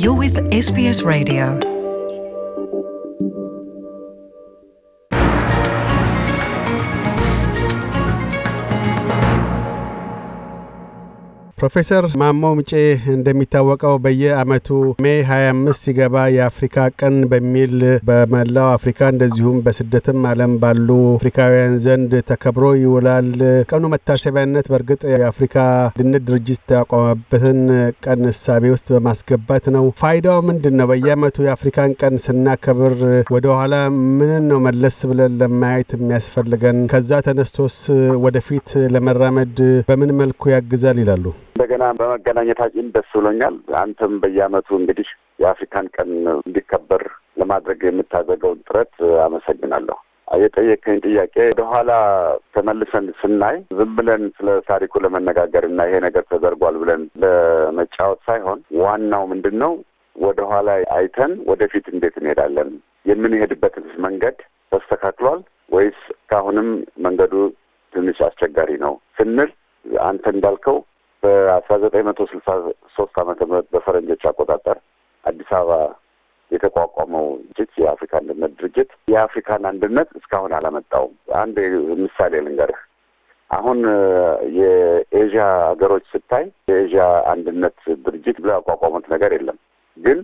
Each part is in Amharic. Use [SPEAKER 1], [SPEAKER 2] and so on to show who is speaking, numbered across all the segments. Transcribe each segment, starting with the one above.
[SPEAKER 1] You're with SBS Radio.
[SPEAKER 2] ፕሮፌሰር ማሞ ምጬ እንደሚታወቀው በየአመቱ ሜ 25 ሲገባ የአፍሪካ ቀን በሚል በመላው አፍሪካ እንደዚሁም በስደትም ዓለም ባሉ አፍሪካውያን ዘንድ ተከብሮ ይውላል። ቀኑ መታሰቢያነት በእርግጥ የአፍሪካ አንድነት ድርጅት የተቋቋመበትን ቀን እሳቤ ውስጥ በማስገባት ነው። ፋይዳው ምንድን ነው? በየአመቱ የአፍሪካን ቀን ስናከብር ወደኋላ ምንን ነው መለስ ብለን ለማየት የሚያስፈልገን? ከዛ ተነስቶስ ወደፊት ለመራመድ በምን መልኩ ያግዛል ይላሉ?
[SPEAKER 1] እንደገና በመገናኘታችን ደስ ብሎኛል። አንተም በየአመቱ እንግዲህ የአፍሪካን ቀን እንዲከበር ለማድረግ የምታደርገውን ጥረት አመሰግናለሁ። የጠየቀኝ ጥያቄ ወደኋላ ተመልሰን ስናይ ዝም ብለን ስለ ታሪኩ ለመነጋገር እና ይሄ ነገር ተደርጓል ብለን ለመጫወት ሳይሆን ዋናው ምንድን ነው ወደኋላ አይተን ወደፊት እንዴት እንሄዳለን፣ የምንሄድበትን መንገድ ተስተካክሏል ወይስ ካአሁንም መንገዱ ትንሽ አስቸጋሪ ነው ስንል አንተ እንዳልከው በአስራ ዘጠኝ መቶ ስልሳ ሶስት ምህረት በፈረንጆች አቆጣጠር አዲስ አበባ የተቋቋመው ድርጅት የአፍሪካ አንድነት ድርጅት የአፍሪካን አንድነት እስካሁን አላመጣውም። አንድ ምሳሌ ልንገርህ። አሁን የኤዥያ ሀገሮች ስታይ የኤዥያ አንድነት ድርጅት ብለው ያቋቋሙት ነገር የለም። ግን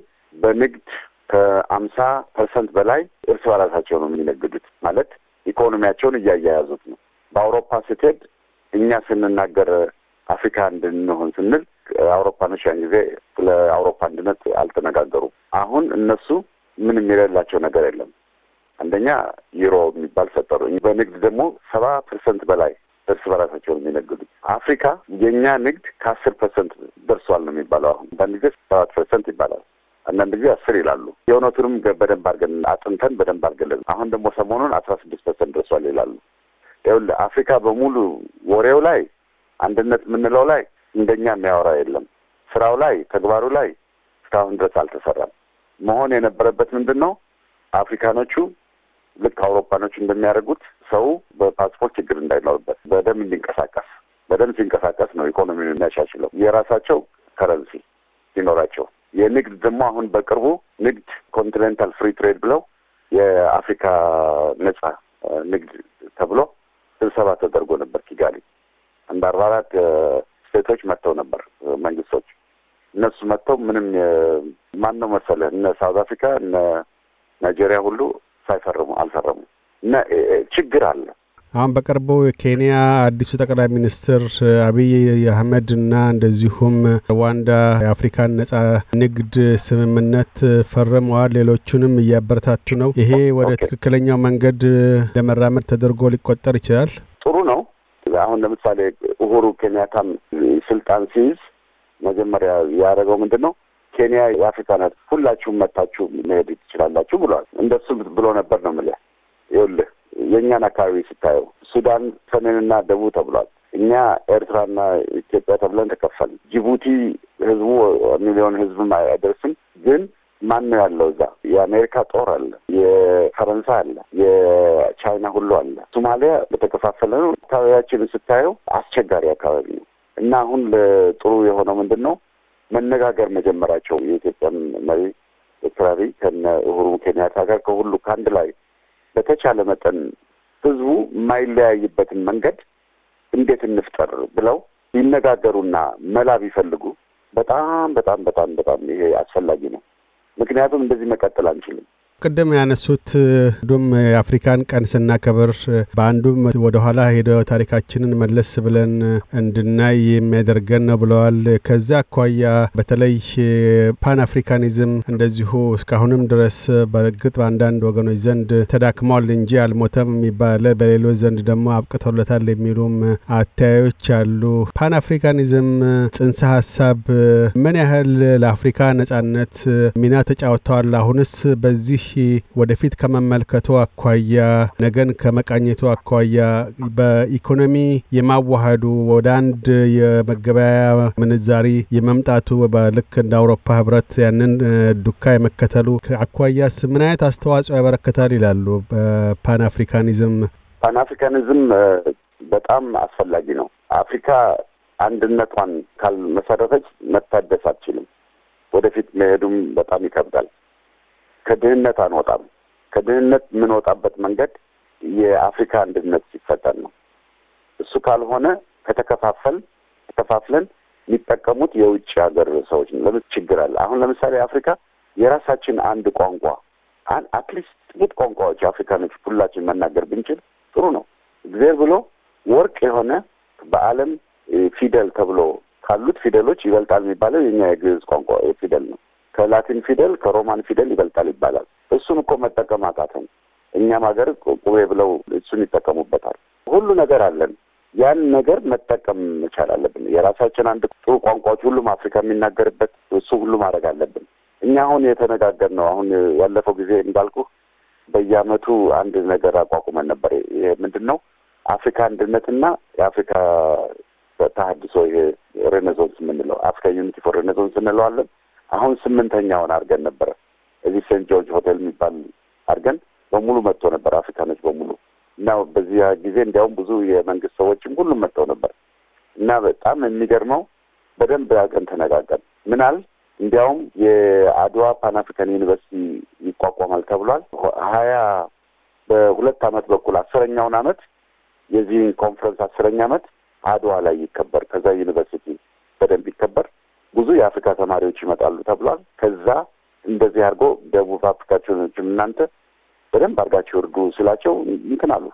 [SPEAKER 1] በንግድ ከአምሳ ፐርሰንት በላይ እርስ በራሳቸው ነው የሚነግዱት። ማለት ኢኮኖሚያቸውን እያያያዙት ነው። በአውሮፓ ስትሄድ እኛ ስንናገር አፍሪካ እንድንሆን ስንል አውሮፓኖች ያን ጊዜ ስለ አውሮፓ አንድነት አልተነጋገሩም። አሁን እነሱ ምንም የሌላቸው ነገር የለም። አንደኛ ዩሮ የሚባል ፈጠሩ። በንግድ ደግሞ ሰባ ፐርሰንት በላይ እርስ በራሳቸው የሚነግዱት አፍሪካ የእኛ ንግድ ከአስር ፐርሰንት ደርሷል ነው የሚባለው። አሁን አንዳንድ ጊዜ ሰባት ፐርሰንት ይባላል፣ አንዳንድ ጊዜ አስር ይላሉ። የእውነቱንም በደንብ አድርገን አጥንተን በደንብ አድርገን አሁን ደግሞ ሰሞኑን አስራ ስድስት ፐርሰንት ደርሷል ይላሉ። ይኸውልህ አፍሪካ በሙሉ ወሬው ላይ አንድነት የምንለው ላይ እንደኛ የሚያወራ የለም። ስራው ላይ ተግባሩ ላይ እስካሁን ድረስ አልተሰራም። መሆን የነበረበት ምንድን ነው? አፍሪካኖቹ ልክ አውሮፓኖቹ እንደሚያደርጉት ሰው በፓስፖርት ችግር እንዳይኖርበት በደም እንዲንቀሳቀስ፣ በደም ሲንቀሳቀስ ነው ኢኮኖሚውን የሚያሻሽለው። የራሳቸው ከረንሲ ሲኖራቸው የንግድ ደግሞ አሁን በቅርቡ ንግድ ኮንቲኔንታል ፍሪ ትሬድ ብለው የአፍሪካ ነጻ ንግድ ተብሎ ስብሰባ ተደርጎ ነበር ኪጋሊ እንደ አርባ አራት ስቴቶች መጥተው ነበር መንግስቶች። እነሱ መጥተው ምንም ማን ነው መሰለህ እነ ሳውት አፍሪካ እነ ናይጄሪያ ሁሉ ሳይፈርሙ አልፈረሙም። እና ችግር
[SPEAKER 2] አለ። አሁን በቅርቡ የኬንያ አዲሱ ጠቅላይ ሚኒስትር አብይ አህመድ እና እንደዚሁም ሩዋንዳ የአፍሪካን ነጻ ንግድ ስምምነት ፈርመዋል። ሌሎቹንም እያበረታቱ ነው። ይሄ ወደ ትክክለኛው መንገድ ለመራመድ ተደርጎ ሊቆጠር ይችላል።
[SPEAKER 1] ጥሩ ነው። አሁን ለምሳሌ ኡሁሩ ኬንያታም ስልጣን ሲይዝ መጀመሪያ ያደረገው ምንድን ነው? ኬንያ የአፍሪካ ናት፣ ሁላችሁም መታችሁ መሄድ ትችላላችሁ ብሏል። እንደሱ ብሎ ነበር ነው የምልህ። ይኸውልህ የእኛን አካባቢ ስታየው ሱዳን ሰሜንና ደቡብ ተብሏል። እኛ ኤርትራና ኢትዮጵያ ተብለን ተከፈልን። ጅቡቲ ህዝቡ ሚሊዮን ህዝብም አይደርስም ግን ማን ነው ያለው እዛ? የአሜሪካ ጦር አለ፣ የፈረንሳይ አለ፣ የቻይና ሁሉ አለ። ሶማሊያ በተከፋፈለ ነው። አካባቢያችንን ስታየው አስቸጋሪ አካባቢ ነው እና አሁን ለጥሩ የሆነው ምንድን ነው መነጋገር መጀመራቸው የኢትዮጵያን መሪ ዶክተር አብይ ከነ እሁሩ ኬንያታ ጋር ከሁሉ ከአንድ ላይ በተቻለ መጠን ህዝቡ የማይለያይበትን መንገድ እንዴት እንፍጠር ብለው ሊነጋገሩና መላ ቢፈልጉ በጣም በጣም በጣም በጣም ይሄ አስፈላጊ ነው። ምክንያቱም እንደዚህ መቀጠል አንችልም።
[SPEAKER 2] ቅድም ያነሱት አንዱም የአፍሪካን ቀን ስናከብር በአንዱም ወደኋላ ሄደ ታሪካችንን መለስ ብለን እንድናይ የሚያደርገን ነው ብለዋል። ከዛ አኳያ በተለይ ፓን አፍሪካኒዝም እንደዚሁ እስካሁንም ድረስ በእርግጥ በአንዳንድ ወገኖች ዘንድ ተዳክሟል እንጂ አልሞተም የሚባለ በሌሎች ዘንድ ደግሞ አብቅቶለታል የሚሉም አታዮች አሉ። ፓን አፍሪካኒዝም ጽንሰ ሀሳብ ምን ያህል ለአፍሪካ ነጻነት ሚና ተጫውተዋል? አሁንስ በዚህ እንግዲህ ወደፊት ከመመልከቱ አኳያ፣ ነገን ከመቃኘቱ አኳያ በኢኮኖሚ የማዋሃዱ ወደ አንድ የመገበያያ ምንዛሪ የመምጣቱ በልክ እንደ አውሮፓ ህብረት ያንን ዱካ የመከተሉ አኳያስ ምን አይነት አስተዋጽኦ ያበረከታል ይላሉ? በፓን አፍሪካኒዝም
[SPEAKER 1] ፓን አፍሪካኒዝም በጣም አስፈላጊ ነው። አፍሪካ አንድነቷን ካልመሰረተች መታደስ አትችልም። ወደፊት መሄዱም በጣም ይከብዳል። ከድህነት አንወጣም። ከድህነት የምንወጣበት መንገድ የአፍሪካ አንድነት ሲፈጠር ነው። እሱ ካልሆነ ከተከፋፈል ተከፋፍለን የሚጠቀሙት የውጭ ሀገር ሰዎች ለምን ችግር አለ? አሁን ለምሳሌ አፍሪካ የራሳችን አንድ ቋንቋ አትሊስት ጥቂት ቋንቋዎች አፍሪካኖች ሁላችን መናገር ብንችል ጥሩ ነው። እግዚአብሔር ብሎ ወርቅ የሆነ በዓለም ፊደል ተብሎ ካሉት ፊደሎች ይበልጣል የሚባለው የኛ የግዕዝ ቋንቋ ፊደል ነው። ከላቲን ፊደል ከሮማን ፊደል ይበልጣል ይባላል። እሱን እኮ መጠቀም አቃተን። እኛም ሀገር ቁቤ ብለው እሱን ይጠቀሙበታል። ሁሉ ነገር አለን። ያን ነገር መጠቀም መቻል አለብን። የራሳችን አንድ ጥሩ ቋንቋዎች ሁሉም አፍሪካ የሚናገርበት እሱ ሁሉ ማድረግ አለብን። እኛ አሁን የተነጋገር ነው። አሁን ያለፈው ጊዜ እንዳልኩ በየአመቱ አንድ ነገር አቋቁመን ነበር። ይሄ ምንድን ነው? አፍሪካ አንድነትና የአፍሪካ ተሀድሶ ይሄ ሬኔዞንስ የምንለው አፍሪካ ዩኒቲ ፎር ሬኔዞንስ እንለዋለን። አሁን ስምንተኛውን አድርገን ነበረ እዚህ ሴንት ጆርጅ ሆቴል የሚባል አድርገን በሙሉ መጥቶ ነበር አፍሪካኖች በሙሉ እና በዚያ ጊዜ እንዲያውም ብዙ የመንግስት ሰዎችም ሁሉም መጥተው ነበር እና በጣም የሚገርመው በደንብ አውቀን ተነጋገን ምናል እንዲያውም የአድዋ ፓን አፍሪካን ዩኒቨርሲቲ ይቋቋማል ተብሏል። ሀያ በሁለት አመት በኩል አስረኛውን አመት የዚህን ኮንፈረንስ አስረኛ አመት አድዋ ላይ ይከበር፣ ከዛ ዩኒቨርሲቲ በደንብ ይከበር ብዙ የአፍሪካ ተማሪዎች ይመጣሉ ተብሏል። ከዛ እንደዚህ አድርጎ ደቡብ ችሆኖችም እናንተ በደንብ አድርጋችሁ እርዱ ስላቸው እንትን አሉ።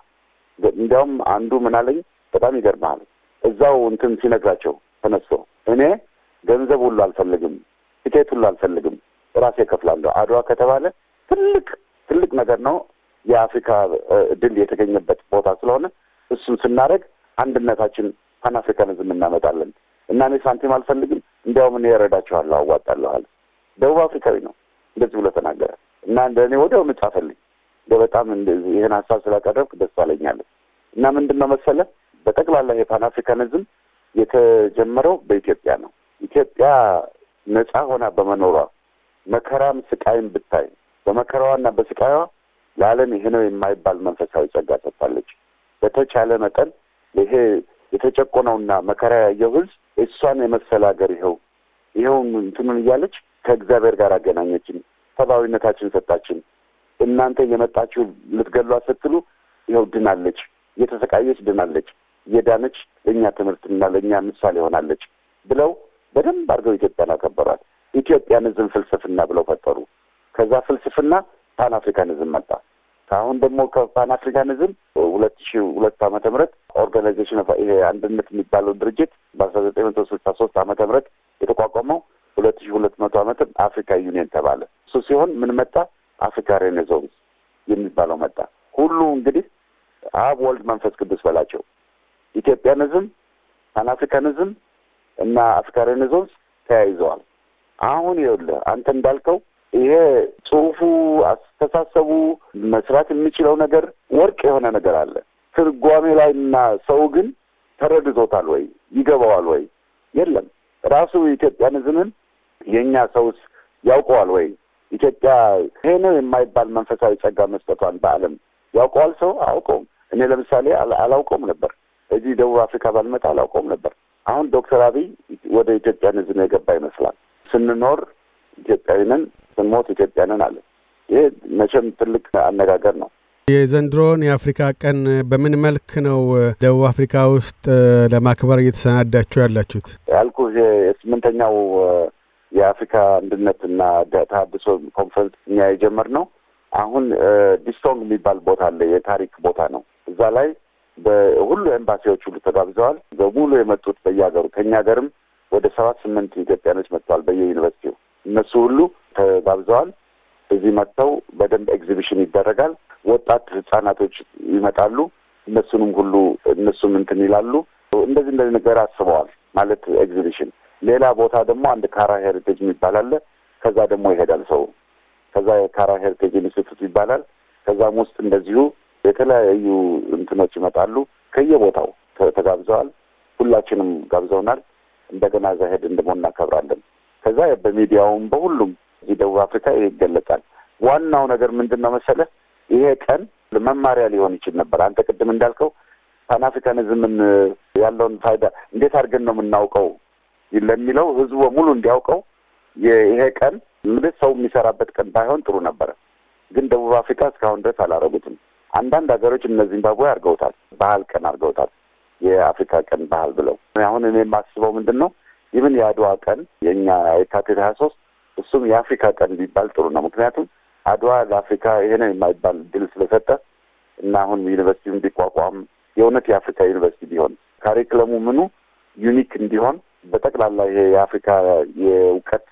[SPEAKER 1] እንዲያውም አንዱ ምን አለኝ በጣም ይገርመሃል፣ እዛው እንትን ሲነግራቸው ተነስቶ እኔ ገንዘብ ሁሉ አልፈልግም፣ ቲኬት ሁሉ አልፈልግም፣ ራሴ ከፍላለሁ አድዋ ከተባለ ትልቅ ትልቅ ነገር ነው። የአፍሪካ ድል የተገኘበት ቦታ ስለሆነ እሱን ስናደርግ አንድነታችን ፓን አፍሪካኒዝም እናመጣለን እና እኔ ሳንቲም አልፈልግም እንዲያውም እኔ እረዳችኋለሁ አዋጣለኋል። ደቡብ አፍሪካዊ ነው እንደዚህ ብሎ ተናገረ እና እንደ እኔ ወዲያውኑ እንደ በጣም ይህን ሀሳብ ስላቀረብክ ደስ አለኛለሁ እና ምንድን ነው መሰለ በጠቅላላ የፓን አፍሪካኒዝም የተጀመረው በኢትዮጵያ ነው። ኢትዮጵያ ነጻ ሆና በመኖሯ መከራም ስቃይም ብታይ በመከራዋና በስቃይዋ ለዓለም ይሄ ነው የማይባል መንፈሳዊ ጸጋ ሰጥታለች። በተቻለ መጠን ይሄ የተጨቆነውና መከራ ያየው ህዝብ እሷን የመሰለ ሀገር ይኸው ይኸውም እንትኑን እያለች ከእግዚአብሔር ጋር አገናኘችን፣ ሰብአዊነታችን ሰጣችን። እናንተ የመጣችሁ ልትገሏት ስትሉ ይኸው ድናለች፣ እየተሰቃየች ድናለች፣ የዳነች ለእኛ ትምህርትና ለእኛ ምሳሌ ሆናለች ብለው በደንብ አድርገው ኢትዮጵያን አከበሯት። ኢትዮጵያንዝም ፍልስፍና ብለው ፈጠሩ። ከዛ ፍልስፍና ፓን አፍሪካንዝም መጣ። ከአሁን ደግሞ ከፓን አፍሪካንዝም ሁለት ሺ ሁለት ዓመተ ምህረት ኦርጋናይዜሽን አንድነት የሚባለው ድርጅት በአስራ ዘጠኝ መቶ ስልሳ ሶስት አመተ ምህረት የተቋቋመው ሁለት ሺ ሁለት መቶ ዓመት አፍሪካ ዩኒየን ተባለ። እሱ ሲሆን ምን መጣ? አፍሪካ ሬኔዞንስ የሚባለው መጣ። ሁሉ እንግዲህ አብ ወልድ መንፈስ ቅዱስ በላቸው። ኢትዮጵያንዝም፣ ፓን እና አፍሪካ ሬኔዞንስ ተያይዘዋል። አሁን ይኸውልህ አንተ እንዳልከው ይሄ ጽሁፉ፣ አስተሳሰቡ መስራት የሚችለው ነገር ወርቅ የሆነ ነገር አለ። ትርጓሜ ላይ እና ሰው ግን ተረድቶታል ወይ ይገባዋል ወይ የለም። ራሱ ኢትዮጵያንዝምን የእኛ ሰውስ ያውቀዋል ወይ? ኢትዮጵያ ይሄ ነው የማይባል መንፈሳዊ ጸጋ መስጠቷን በአለም ያውቀዋል ሰው አያውቀውም። እኔ ለምሳሌ አላውቀውም ነበር። እዚህ ደቡብ አፍሪካ ባልመጣ አላውቀውም ነበር። አሁን ዶክተር አብይ ወደ ኢትዮጵያንዝም የገባ ይመስላል። ስንኖር ኢትዮጵያዊንን ስንሞት ኢትዮጵያንን አለ። ይሄ መቼም ትልቅ አነጋገር ነው።
[SPEAKER 2] የዘንድሮን የአፍሪካ ቀን በምን መልክ ነው ደቡብ አፍሪካ ውስጥ ለማክበር እየተሰናዳችሁ ያላችሁት?
[SPEAKER 1] ያልኩ የስምንተኛው የአፍሪካ አንድነትና ተሀድሶ ኮንፈረንስ እኛ የጀመርነው አሁን ዲስቶንግ የሚባል ቦታ አለ። የታሪክ ቦታ ነው። እዛ ላይ በሁሉ ኤምባሲዎች ሁሉ ተጋብዘዋል። በሙሉ የመጡት በየሀገሩ ከእኛ ሀገርም ወደ ሰባት ስምንት ኢትዮጵያኖች መጥተዋል። በየዩኒቨርሲቲው እነሱ ሁሉ ተጋብዘዋል። እዚህ መጥተው በደንብ ኤግዚቢሽን ይደረጋል። ወጣት ህጻናቶች ይመጣሉ። እነሱንም ሁሉ እነሱም እንትን ይላሉ። እንደዚህ እንደዚህ ነገር አስበዋል ማለት ኤግዚቢሽን። ሌላ ቦታ ደግሞ አንድ ካራ ሄሪቴጅ የሚባል አለ። ከዛ ደግሞ ይሄዳል ሰው። ከዛ የካራ ሄሪቴጅ ኢንስቲቱት ይባላል። ከዛም ውስጥ እንደዚሁ የተለያዩ እንትኖች ይመጣሉ። ከየቦታው ተጋብዘዋል። ሁላችንም ጋብዘውናል። እንደገና እዛ ሄድን ደግሞ እናከብራለን። ከዛ በሚዲያውም በሁሉም እዚህ ደቡብ አፍሪካ ይገለጣል። ዋናው ነገር ምንድን ነው መሰለህ ይሄ ቀን መማሪያ ሊሆን ይችል ነበር። አንተ ቅድም እንዳልከው ፓን ያለውን ፋይዳ እንዴት አድርገን ነው የምናውቀው ለሚለው ህዝቡ በሙሉ እንዲያውቀው ይሄ ቀን ምልት ሰው የሚሰራበት ቀን ባይሆን ጥሩ ነበረ። ግን ደቡብ አፍሪካ እስካሁን ድረስ አላረጉትም። አንዳንድ ሀገሮች እነ ዚምባብዌ አድርገውታል፣ ባህል ቀን አድርገውታል። የአፍሪካ ቀን ባህል ብለው አሁን እኔ የማስበው ምንድን ነው ይህን የአድዋ ቀን የእኛ የካቲት ሀያ ሶስት እሱም የአፍሪካ ቀን ቢባል ጥሩ ነው። ምክንያቱም አድዋ ለአፍሪካ ይሄ ነው የማይባል ድል ስለሰጠ እና አሁን ዩኒቨርሲቲውን ቢቋቋም የእውነት የአፍሪካ ዩኒቨርሲቲ ቢሆን ካሪክለሙ ምኑ ዩኒክ እንዲሆን በጠቅላላ ይሄ የአፍሪካ የእውቀት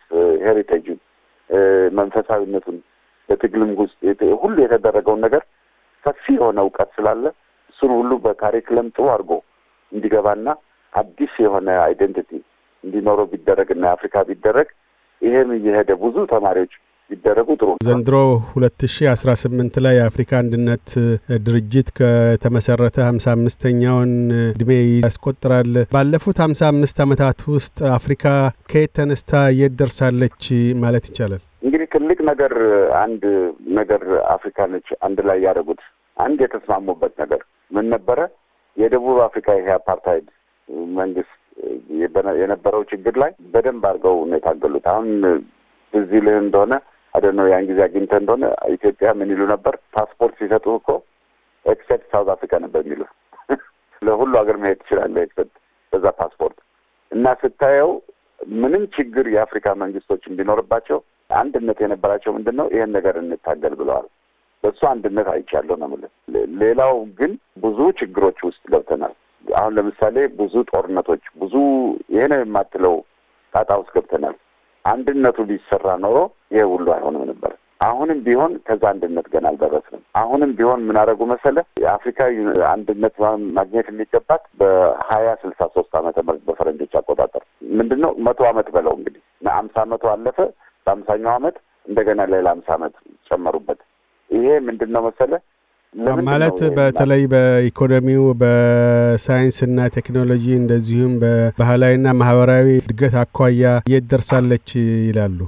[SPEAKER 1] ሄሪቴጁን መንፈሳዊነቱን በትግልም ውስጥ ሁሉ የተደረገውን ነገር ሰፊ የሆነ እውቀት ስላለ እሱን ሁሉ በካሪክለም ጥሩ አድርጎ እንዲገባና አዲስ የሆነ አይዴንቲቲ እንዲኖረው ቢደረግና የአፍሪካ ቢደረግ ይሄም እየሄደ ብዙ ተማሪዎች ቢደረጉ ጥሩ ነው።
[SPEAKER 2] ዘንድሮ ሁለት ሺ አስራ ስምንት ላይ የአፍሪካ አንድነት ድርጅት ከተመሰረተ ሀምሳ አምስተኛውን እድሜ ያስቆጥራል። ባለፉት ሀምሳ አምስት ዓመታት ውስጥ አፍሪካ ከየት ተነስታ የት ደርሳለች ማለት ይቻላል?
[SPEAKER 1] እንግዲህ ትልቅ ነገር አንድ ነገር አፍሪካ ነች አንድ ላይ ያደረጉት አንድ የተስማሙበት ነገር ምን ነበረ? የደቡብ አፍሪካ ይሄ አፓርታይድ መንግስት የነበረው ችግር ላይ በደንብ አድርገው ነው የታገሉት። አሁን እዚህ ልህ እንደሆነ አደ ነው ያን ጊዜ አግኝተ እንደሆነ ኢትዮጵያ ምን ይሉ ነበር? ፓስፖርት ሲሰጡ እኮ ኤክሰፕት ሳውዝ አፍሪካ ነበር የሚሉ ለሁሉ ሀገር መሄድ ትችላለህ ኤክሰፕት በዛ ፓስፖርት እና ስታየው ምንም ችግር የአፍሪካ መንግስቶች ቢኖርባቸው አንድነት የነበራቸው ምንድን ነው? ይህን ነገር እንታገል ብለዋል። በሱ አንድነት አይቻለሁ ነው ምለ ሌላው ግን ብዙ ችግሮች ውስጥ ገብተናል። አሁን ለምሳሌ ብዙ ጦርነቶች፣ ብዙ ይሄ ነው የማትለው ጣጣ ውስጥ ገብተናል። አንድነቱ ቢሰራ ኖሮ ይህ ሁሉ አይሆንም ነበር። አሁንም ቢሆን ከዛ አንድነት ገና አልደረስንም። አሁንም ቢሆን ምናደረጉ መሰለ የአፍሪካ አንድነት ማግኘት የሚገባት በሀያ ስልሳ ሶስት ዓመተ ምህረት በፈረንጆች አቆጣጠር ምንድን ነው መቶ ዓመት በለው እንግዲህ አምሳ መቶ አለፈ። በአምሳኛው ዓመት እንደገና ሌላ አምሳ ዓመት ጨመሩበት። ይሄ ምንድን ነው መሰለ ማለት
[SPEAKER 2] በተለይ በኢኮኖሚው በሳይንስና ቴክኖሎጂ እንደዚሁም በባህላዊና ማህበራዊ እድገት አኳያ የት ደርሳለች ይላሉ።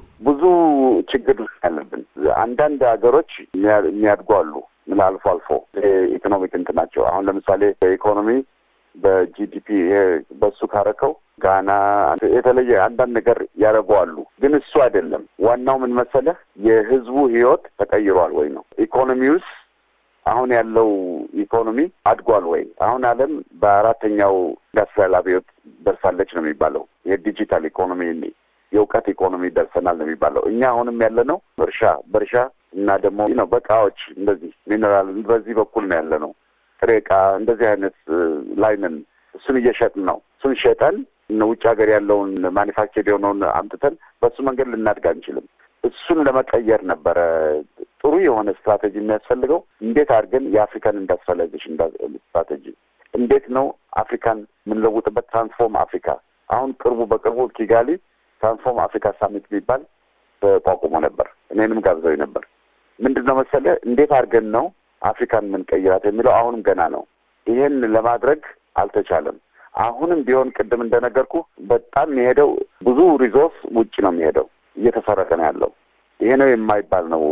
[SPEAKER 1] ችግር ያለብን። አንዳንድ ሀገሮች የሚያድጉ አሉ። ምን አልፎ አልፎ ኢኮኖሚክ ናቸው አሁን ለምሳሌ በኢኮኖሚ በጂዲፒ በሱ ካረከው ጋና የተለየ አንዳንድ ነገር ያደረገዋሉ። ግን እሱ አይደለም ዋናው። ምን መሰለህ የህዝቡ ህይወት ተቀይሯል ወይ ነው። ኢኮኖሚውስ አሁን ያለው ኢኮኖሚ አድጓል ወይ? አሁን ዓለም በአራተኛው ኢንዳስትሪያል አብዮት ደርሳለች ነው የሚባለው የዲጂታል ኢኮኖሚ የእውቀት ኢኮኖሚ ደርሰናል ነው የሚባለው። እኛ አሁንም ያለ ነው እርሻ በእርሻ እና ደግሞ ነው በእቃዎች እንደዚህ ሚነራል በዚህ በኩል ነው ያለ ነው ጥሬ እቃ እንደዚህ አይነት ላይንን እሱን እየሸጥን ነው። እሱን ሸጠን ውጭ ሀገር ያለውን ማኒፋክቸር የሆነውን አምጥተን በሱ መንገድ ልናድግ አንችልም። እሱን ለመቀየር ነበረ ጥሩ የሆነ ስትራቴጂ የሚያስፈልገው። እንዴት አድርገን የአፍሪካን ኢንዳስትሪላይዜሽን ስትራቴጂ እንዴት ነው አፍሪካን የምንለውጥበት ትራንስፎርም አፍሪካ። አሁን ቅርቡ በቅርቡ ኪጋሊ ትራንስፎርም አፍሪካ ሳሚት የሚባል ተቋቁሞ ነበር። እኔንም ጋብዘው ነበር። ምንድን ነው መሰለ እንዴት አድርገን ነው አፍሪካን የምንቀይራት የሚለው አሁንም ገና ነው። ይህን ለማድረግ አልተቻለም። አሁንም ቢሆን ቅድም እንደነገርኩ በጣም የሚሄደው ብዙ ሪሶርስ ውጭ ነው የሚሄደው፣ እየተሰረቀ ነው ያለው። ይሄ ነው የማይባል ነው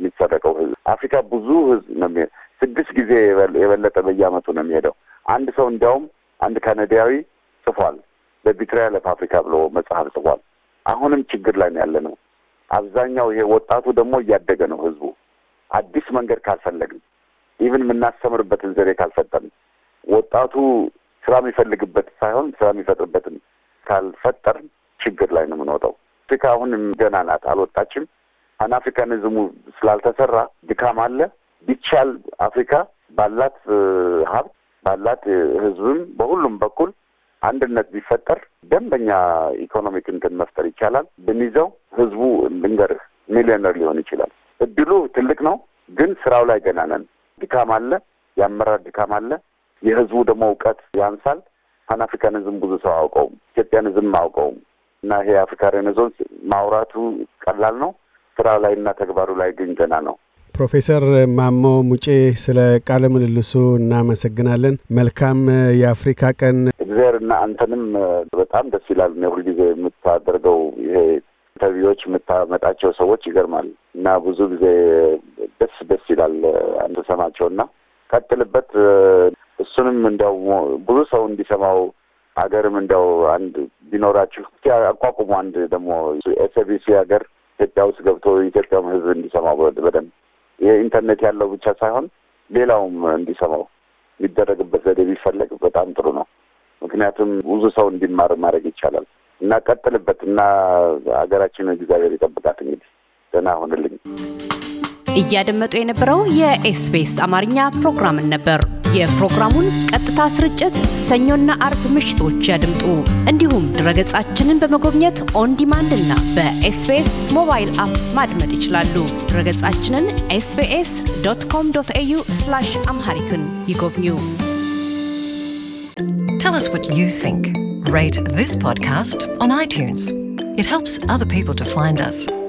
[SPEAKER 1] የሚሰረቀው ህዝብ። አፍሪካ ብዙ ህዝብ ነው ስድስት ጊዜ የበለጠ በየአመቱ ነው የሚሄደው። አንድ ሰው እንዲያውም አንድ ካናዳያዊ ጽፏል ለቢትራያል ኦፍ ብሎ መጽሐፍ ጽፏል። አሁንም ችግር ላይ ነው ያለ ነው። አብዛኛው ይሄ ወጣቱ ደግሞ እያደገ ነው ህዝቡ። አዲስ መንገድ ካልፈለግን፣ ኢቭን የምናስተምርበትን ዘዴ ካልፈጠርን፣ ወጣቱ ስራ የሚፈልግበት ሳይሆን ስራ የሚፈጥርበትን ካልፈጠር ችግር ላይ ነው የምንወጣው። አፍሪካ አሁንም ገና ናት፣ አልወጣችም። ፓንአፍሪካኒዝሙ ስላልተሰራ ድካም አለ። ቢቻል አፍሪካ ባላት ሀብት ባላት ህዝብም በሁሉም በኩል አንድነት ቢፈጠር ደንበኛ ኢኮኖሚክ እንትን መፍጠር ይቻላል። ብንይዘው ህዝቡ ልንገርህ ሚሊዮነር ሊሆን ይችላል። እድሉ ትልቅ ነው፣ ግን ስራው ላይ ገና ነን። ድካም አለ፣ የአመራር ድካም አለ። የህዝቡ ደግሞ እውቀት ያንሳል። ፓንአፍሪካንዝም ብዙ ሰው አውቀውም ኢትዮጵያንዝም አውቀውም እና ይሄ አፍሪካ ሬኔሶንስ ማውራቱ ቀላል ነው፣ ስራ ላይ እና ተግባሩ ላይ ግን ገና ነው።
[SPEAKER 2] ፕሮፌሰር ማሞ ሙጬ ስለ ቃለ ምልልሱ እናመሰግናለን። መልካም የአፍሪካ ቀን
[SPEAKER 1] እግዜርና አንተንም በጣም ደስ ይላል። ሁልጊዜ የምታደርገው ይሄ ኢንተርቪዎች የምታመጣቸው ሰዎች ይገርማል እና ብዙ ጊዜ ደስ ደስ ይላል አንተ ሰማቸው እና ቀጥልበት። እሱንም እንደው ብዙ ሰው እንዲሰማው ሀገርም እንደው አንድ ቢኖራችሁ አቋቁሙ። አንድ ደግሞ ኤስቢሲ ሀገር ኢትዮጵያ ውስጥ ገብቶ ኢትዮጵያም ህዝብ እንዲሰማው በደንብ ይሄ ኢንተርኔት ያለው ብቻ ሳይሆን ሌላውም እንዲሰማው የሚደረግበት ዘዴ ቢፈለግ በጣም ጥሩ ነው። ምክንያቱም ብዙ ሰው እንዲማር ማድረግ ይቻላል እና ቀጥልበት እና ሀገራችን እግዚአብሔር ይጠብቃት። እንግዲህ ደህና ሆንልኝ።
[SPEAKER 2] እያደመጡ የነበረው የኤስቢኤስ አማርኛ ፕሮግራምን ነበር። የፕሮግራሙን ቀጥታ ስርጭት ሰኞና አርብ ምሽቶች ያድምጡ። እንዲሁም ድረገጻችንን በመጎብኘት ኦን ዲማንድ እና በኤስቢኤስ ሞባይል አፕ ማድመጥ ይችላሉ። ድረገጻችንን ኤስቢኤስ ዶት ኮም ዶት ኤዩ አምሃሪክን ይጎብኙ። Tell us what you think.
[SPEAKER 1] Rate this podcast on iTunes. It helps other people to find us.